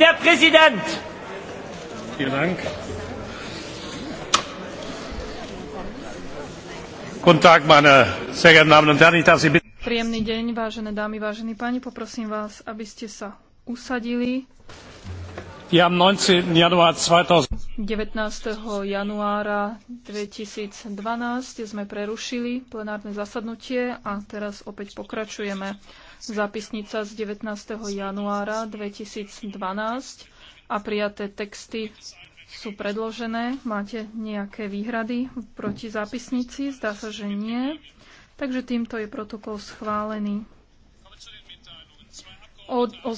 Herr Präsident! Vielen Dank. Guten Tag, meine sehr geehrten Damen und Herren. Ich darf Sie bitten. Príjemný deň, vážené dámy, vážení páni. Poprosím vás, aby ste sa usadili. Ja 19. Januar 2000 19. januára 2012 sme prerušili plenárne zasadnutie a teraz opäť pokračujeme. Zápisnica z 19. januára 2012 a prijaté texty sú predložené. Máte nejaké výhrady proti zápisnici? Zdá sa, že nie. Takže týmto je protokol schválený. O, o